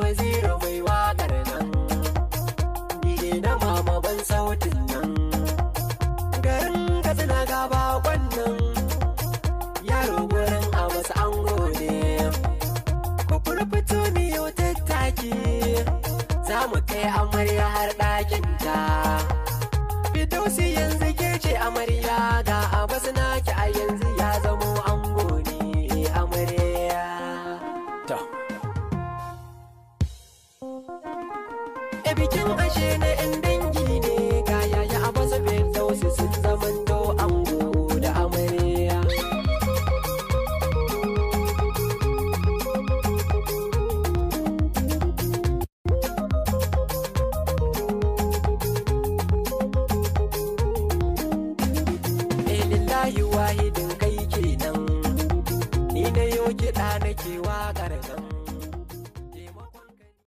waziri mai wakar nan Dide na mama ban sautin nan Garin na gaba kwannan Yaro gurin a masu an gode Kukur fito miyo tattaki Za mu kai amarya har ta Fito yanzu ke ce amarya bikin ashe na 'yan dangi ne ga yaya a baza tausi sun zamanto ango da amarya Lillahi wahidin kai kenan ni na yau kiɗa nake waƙar nan